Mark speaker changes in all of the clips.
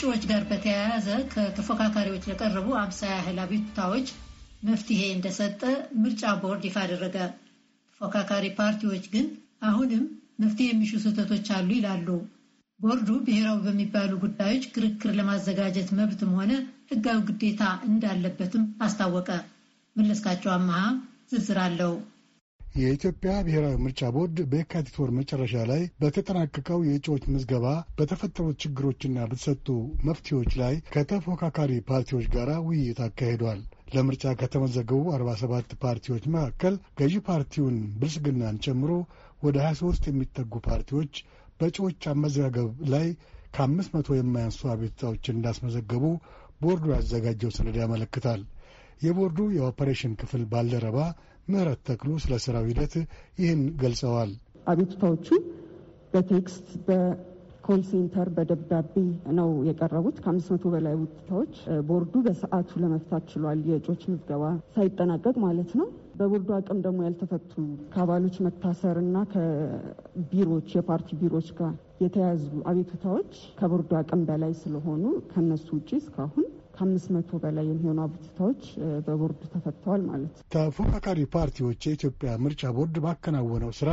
Speaker 1: ከምንጮች ጋር በተያያዘ ከተፎካካሪዎች ለቀረቡ አምሳ ያህል አቤቱታዎች መፍትሄ እንደሰጠ ምርጫ ቦርድ ይፋ አደረገ። ተፎካካሪ ፓርቲዎች ግን አሁንም መፍትሄ የሚሹ ስህተቶች አሉ ይላሉ። ቦርዱ ብሔራዊ በሚባሉ ጉዳዮች ክርክር ለማዘጋጀት መብትም ሆነ ሕጋዊ ግዴታ እንዳለበትም አስታወቀ። መለስካቸው አመሃ ዝርዝር አለው። የኢትዮጵያ ብሔራዊ ምርጫ ቦርድ በየካቲት ወር መጨረሻ ላይ በተጠናቀቀው የእጩዎች ምዝገባ በተፈጠሩት ችግሮችና በተሰጡ መፍትሄዎች ላይ ከተፎካካሪ ፓርቲዎች ጋር ውይይት አካሂዷል። ለምርጫ ከተመዘገቡ 47 ፓርቲዎች መካከል ገዢ ፓርቲውን ብልጽግናን ጨምሮ ወደ 23 የሚጠጉ ፓርቲዎች በእጩዎች አመዘጋገብ ላይ ከአምስት መቶ የማያንሱ አቤቱታዎችን እንዳስመዘገቡ ቦርዱ ያዘጋጀው ሰነድ ያመለክታል። የቦርዱ የኦፐሬሽን ክፍል ባልደረባ ምህረት ተክሉ ስለ ስራው ሂደት ይህን ገልጸዋል። አቤቱታዎቹ በቴክስት በኮል ሴንተር በደብዳቤ
Speaker 2: ነው የቀረቡት። ከአምስት መቶ በላይ ውጥታዎች ቦርዱ በሰዓቱ ለመፍታት ችሏል። የእጩዎች ምዝገባ ሳይጠናቀቅ ማለት ነው። በቦርዱ አቅም ደግሞ ያልተፈቱ ከአባሎች መታሰር እና ከቢሮዎች የፓርቲ ቢሮዎች ጋር የተያዙ አቤቱታዎች ከቦርዱ አቅም በላይ ስለሆኑ ከነሱ ውጭ እስካሁን ከአምስት መቶ በላይ የሚሆኑ አቤቱታዎች በቦርዱ
Speaker 1: ተፈተዋል ማለት ነው። ተፎካካሪ ፓርቲዎች የኢትዮጵያ ምርጫ ቦርድ ባከናወነው ስራ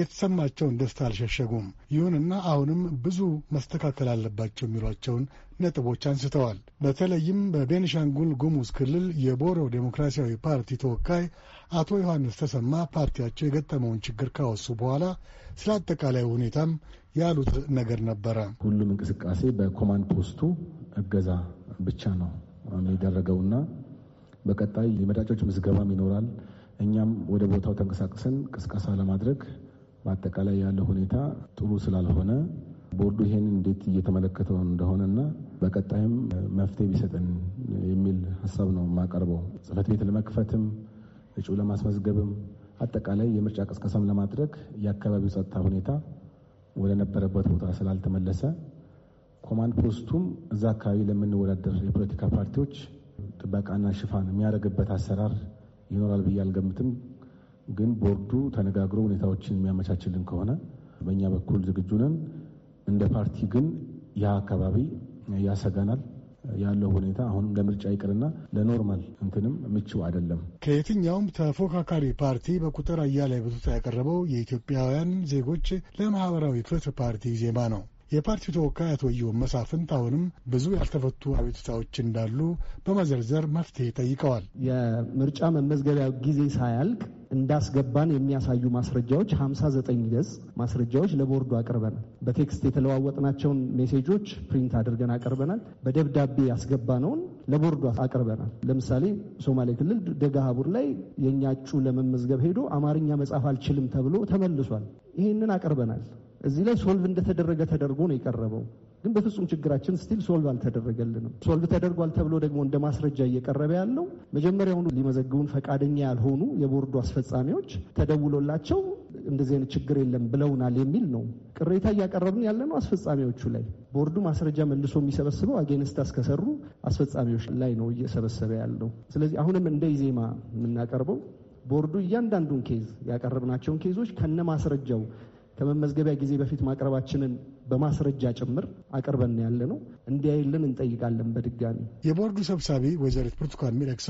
Speaker 1: የተሰማቸውን ደስታ አልሸሸጉም። ይሁንና አሁንም ብዙ መስተካከል አለባቸው የሚሏቸውን ነጥቦች አንስተዋል። በተለይም በቤንሻንጉል ጉሙዝ ክልል የቦሮ ዴሞክራሲያዊ ፓርቲ ተወካይ አቶ ዮሐንስ ተሰማ ፓርቲያቸው የገጠመውን ችግር ካወሱ በኋላ ስለ አጠቃላይ ሁኔታም ያሉት ነገር ነበረ። ሁሉም እንቅስቃሴ
Speaker 3: በኮማንድ ፖስቱ እገዛ ብቻ ነው የሚደረገውና በቀጣይ የመራጮች ምዝገባም ይኖራል። እኛም ወደ ቦታው ተንቀሳቅሰን ቅስቀሳ ለማድረግ በአጠቃላይ ያለ ሁኔታ ጥሩ ስላልሆነ ቦርዱ ይሄን እንዴት እየተመለከተው እንደሆነና በቀጣይም መፍትሄ ቢሰጠን የሚል ሀሳብ ነው የማቀርበው። ጽህፈት ቤት ለመክፈትም እጩ ለማስመዝገብም አጠቃላይ የምርጫ ቅስቀሳም ለማድረግ የአካባቢው ጸጥታ ሁኔታ ወደ ነበረበት ቦታ ስላልተመለሰ ኮማንድ ፖስቱም እዛ አካባቢ ለምንወዳደር የፖለቲካ ፓርቲዎች ጥበቃና ሽፋን የሚያደርግበት አሰራር ይኖራል ብዬ አልገምትም። ግን ቦርዱ ተነጋግሮ ሁኔታዎችን የሚያመቻችልን ከሆነ በእኛ በኩል ዝግጁ ነን። እንደ ፓርቲ ግን ያ አካባቢ ያሰጋናል ያለው ሁኔታ አሁንም ለምርጫ ይቅርና ለኖርማል እንትንም ምቹ አይደለም።
Speaker 1: ከየትኛውም ተፎካካሪ ፓርቲ በቁጥር አያሌ ብዙታ ያቀረበው የኢትዮጵያውያን ዜጎች ለማህበራዊ ፍትህ ፓርቲ ዜማ ነው። የፓርቲው ተወካይ አቶ መሳፍንት አሁንም ብዙ ያልተፈቱ አቤቱታዎች እንዳሉ በመዘርዘር መፍትሄ ጠይቀዋል።
Speaker 3: የምርጫ መመዝገቢያ ጊዜ ሳያልቅ እንዳስገባን የሚያሳዩ ማስረጃዎች 59 ገጽ ማስረጃዎች ለቦርዱ አቅርበናል። በቴክስት የተለዋወጥናቸውን ሜሴጆች ፕሪንት አድርገን አቅርበናል። በደብዳቤ ያስገባነውን ለቦርዱ አቅርበናል። ለምሳሌ ሶማሌ ክልል ደጋሃቡር ላይ የእኛ እጩ ለመመዝገብ ሄዶ አማርኛ መጻፍ አልችልም ተብሎ ተመልሷል። ይህንን አቅርበናል። እዚህ ላይ ሶልቭ እንደተደረገ ተደርጎ ነው የቀረበው። ግን በፍጹም ችግራችን ስቲል ሶልቭ አልተደረገልንም። ሶልቭ ተደርጓል ተብሎ ደግሞ እንደ ማስረጃ እየቀረበ ያለው መጀመሪያውኑ ሊመዘግቡን ፈቃደኛ ያልሆኑ የቦርዱ አስፈጻሚዎች ተደውሎላቸው እንደዚህ አይነት ችግር የለም ብለውናል የሚል ነው። ቅሬታ እያቀረብን ያለ ነው አስፈጻሚዎቹ ላይ። ቦርዱ ማስረጃ መልሶ የሚሰበስበው አጌንስት አስከሰሩ አስፈጻሚዎች ላይ ነው እየሰበሰበ ያለው። ስለዚህ አሁንም እንደ ኢዜማ የምናቀርበው ቦርዱ እያንዳንዱን ኬዝ ያቀረብናቸውን ኬዞች ከነ ማስረጃው ከመመዝገቢያ ጊዜ በፊት ማቅረባችንን በማስረጃ ጭምር አቅርበን ያለ ነው። እንዲያይልን እንጠይቃለን። በድጋሚ የቦርዱ ሰብሳቢ ወይዘሪት ብርቱካን ሚደቅሳ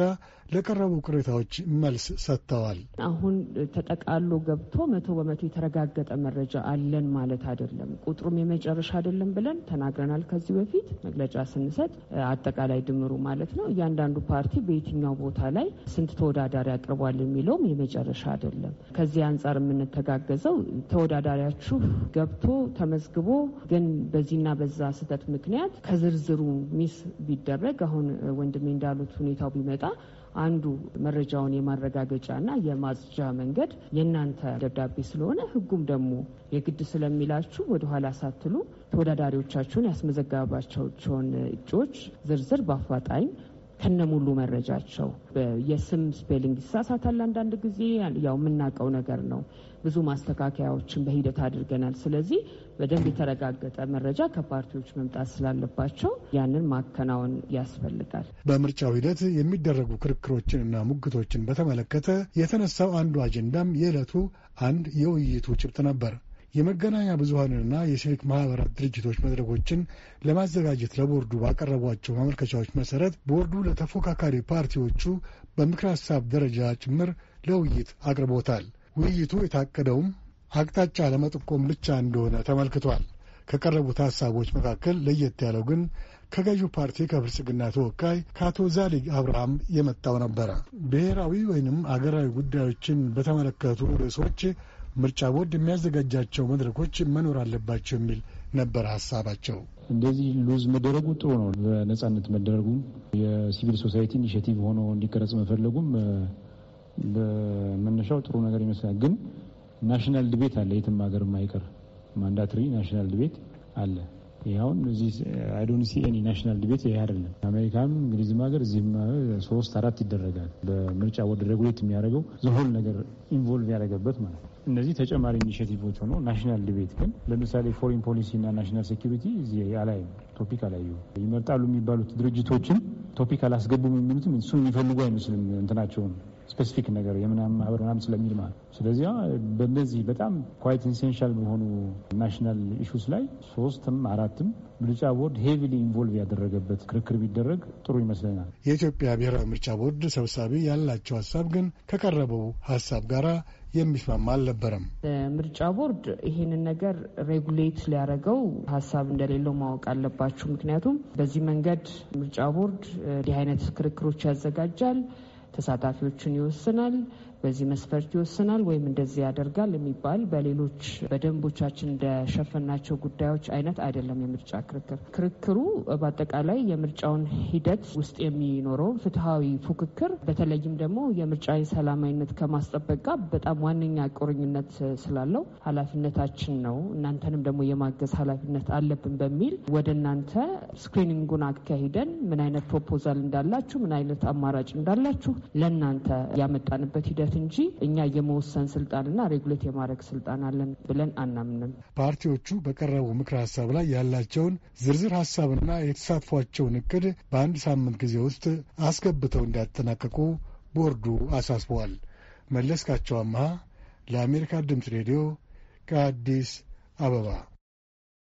Speaker 1: ለቀረቡ ቅሬታዎች መልስ ሰጥተዋል። አሁን ተጠቃሎ ገብቶ መቶ በመቶ
Speaker 2: የተረጋገጠ መረጃ አለን ማለት አይደለም። ቁጥሩም የመጨረሻ አይደለም ብለን ተናግረናል። ከዚህ በፊት መግለጫ ስንሰጥ አጠቃላይ ድምሩ ማለት ነው እያንዳንዱ ፓርቲ በየትኛው ቦታ ላይ ስንት ተወዳዳሪ አቅርቧል የሚለውም የመጨረሻ አይደለም። ከዚህ አንጻር የምንተጋገዘው ተወዳዳሪያችሁ ገብቶ ተመዝግቦ ግን በዚህና በዛ ስህተት ምክንያት ከዝርዝሩ ሚስ ቢደረግ አሁን ወንድሜ እንዳሉት ሁኔታው ቢመጣ አንዱ መረጃውን የማረጋገጫና የማጽጃ መንገድ የእናንተ ደብዳቤ ስለሆነ ህጉም ደግሞ የግድ ስለሚላችሁ ወደኋላ ሳትሉ ተወዳዳሪዎቻችሁን ያስመዘገባቸውን እጩዎች ዝርዝር በአፋጣኝ ከነሙሉ መረጃቸው የስም ስፔሊንግ ይሳሳታል። አንዳንድ ጊዜ ያው የምናውቀው ነገር ነው። ብዙ ማስተካከያዎችን በሂደት አድርገናል። ስለዚህ በደንብ የተረጋገጠ መረጃ ከፓርቲዎች መምጣት ስላለባቸው ያንን ማከናወን ያስፈልጋል።
Speaker 1: በምርጫው ሂደት የሚደረጉ ክርክሮችንና ሙግቶችን በተመለከተ የተነሳው አንዱ አጀንዳም የዕለቱ አንድ የውይይቱ ጭብጥ ነበር። የመገናኛ ብዙሀንንና የሲቪክ ማህበራት ድርጅቶች መድረኮችን ለማዘጋጀት ለቦርዱ ባቀረቧቸው ማመልከቻዎች መሰረት ቦርዱ ለተፎካካሪ ፓርቲዎቹ በምክር ሀሳብ ደረጃ ጭምር ለውይይት አቅርቦታል። ውይይቱ የታቀደውም አቅጣጫ ለመጠቆም ብቻ እንደሆነ ተመልክቷል። ከቀረቡት ሀሳቦች መካከል ለየት ያለው ግን ከገዢው ፓርቲ ከብልጽግና ተወካይ ከአቶ ዛሊግ አብርሃም የመጣው ነበረ። ብሔራዊ ወይንም አገራዊ ጉዳዮችን በተመለከቱ ርዕሶች ምርጫ ቦርድ የሚያዘጋጃቸው መድረኮች መኖር አለባቸው የሚል ነበር ሀሳባቸው።
Speaker 3: እንደዚህ ሉዝ መደረጉ ጥሩ ነው። በነጻነት መደረጉም የሲቪል ሶሳይቲ ኢኒሽቲቭ ሆኖ እንዲቀረጽ መፈለጉም በመነሻው ጥሩ ነገር ይመስላል። ግን ናሽናል ዲቤት አለ፣ የትም ሀገር የማይቀር ማንዳትሪ ናሽናል ዲቤት አለ። ይኸውን እዚህ ሲ ኤኒ ናሽናል ዲቤት ይህ አይደለም። አሜሪካም እንግሊዝም ሀገር እዚህም ሶስት አራት ይደረጋል። በምርጫ ወደ ሬጉሌት የሚያደርገው ዘሆል ነገር ኢንቮልቭ ያደረገበት ማለት ነው። እነዚህ ተጨማሪ ኢኒሽቲቮች ሆኖ ናሽናል ዲቤት ግን ለምሳሌ ፎሪን ፖሊሲ እና ናሽናል ሴኪሪቲ አላይም፣ ቶፒክ አላዩ ይመርጣሉ የሚባሉት ድርጅቶችም ቶፒክ አላስገቡም የሚሉትም እሱ የሚፈልጉ አይመስልም እንትናቸውን ስፔሲፊክ ነገር የምናምን ማህበር ምናምን ስለሚል ማለት ስለዚህ በእነዚህ በጣም ኳይት ኢንሴንሻል በሆኑ ናሽናል ኢሹስ ላይ ሶስትም አራትም ምርጫ ቦርድ ሄቪሊ ኢንቮልቭ ያደረገበት ክርክር ቢደረግ ጥሩ ይመስለናል።
Speaker 1: የኢትዮጵያ ብሔራዊ
Speaker 3: ምርጫ ቦርድ ሰብሳቢ
Speaker 1: ያላቸው ሀሳብ ግን ከቀረበው ሀሳብ ጋራ የሚስማማ አልነበረም። ምርጫ
Speaker 2: ቦርድ ይሄንን ነገር ሬጉሌት ሊያደርገው ሀሳብ እንደሌለው ማወቅ አለባቸው። ምክንያቱም በዚህ መንገድ ምርጫ ቦርድ እንዲህ አይነት ክርክሮች ያዘጋጃል፣ ተሳታፊዎችን ይወስናል። በዚህ መስፈርት ይወስናል ወይም እንደዚህ ያደርጋል የሚባል በሌሎች በደንቦቻችን እንደሸፈናቸው ጉዳዮች አይነት አይደለም። የምርጫ ክርክር ክርክሩ በአጠቃላይ የምርጫውን ሂደት ውስጥ የሚኖረውን ፍትሐዊ ፉክክር በተለይም ደግሞ የምርጫ ሰላማዊነት ከማስጠበቅ ጋር በጣም ዋነኛ ቁርኝነት ስላለው ኃላፊነታችን ነው እናንተንም ደግሞ የማገዝ ኃላፊነት አለብን በሚል ወደ እናንተ ስክሪኒንጉን አካሂደን ምን አይነት ፕሮፖዛል እንዳላችሁ ምን አይነት አማራጭ እንዳላችሁ ለእናንተ ያመጣንበት ሂደት እንጂ እኛ የመወሰን ስልጣንና ሬጉሌት የማድረግ ስልጣን አለን ብለን አናምንም።
Speaker 1: ፓርቲዎቹ በቀረቡ ምክር ሀሳብ ላይ ያላቸውን ዝርዝር ሀሳብና የተሳትፏቸውን እቅድ በአንድ ሳምንት ጊዜ ውስጥ አስገብተው እንዲያጠናቀቁ ቦርዱ አሳስበዋል። መለስካቸው አመሃ ለአሜሪካ ድምፅ ሬዲዮ ከአዲስ አበባ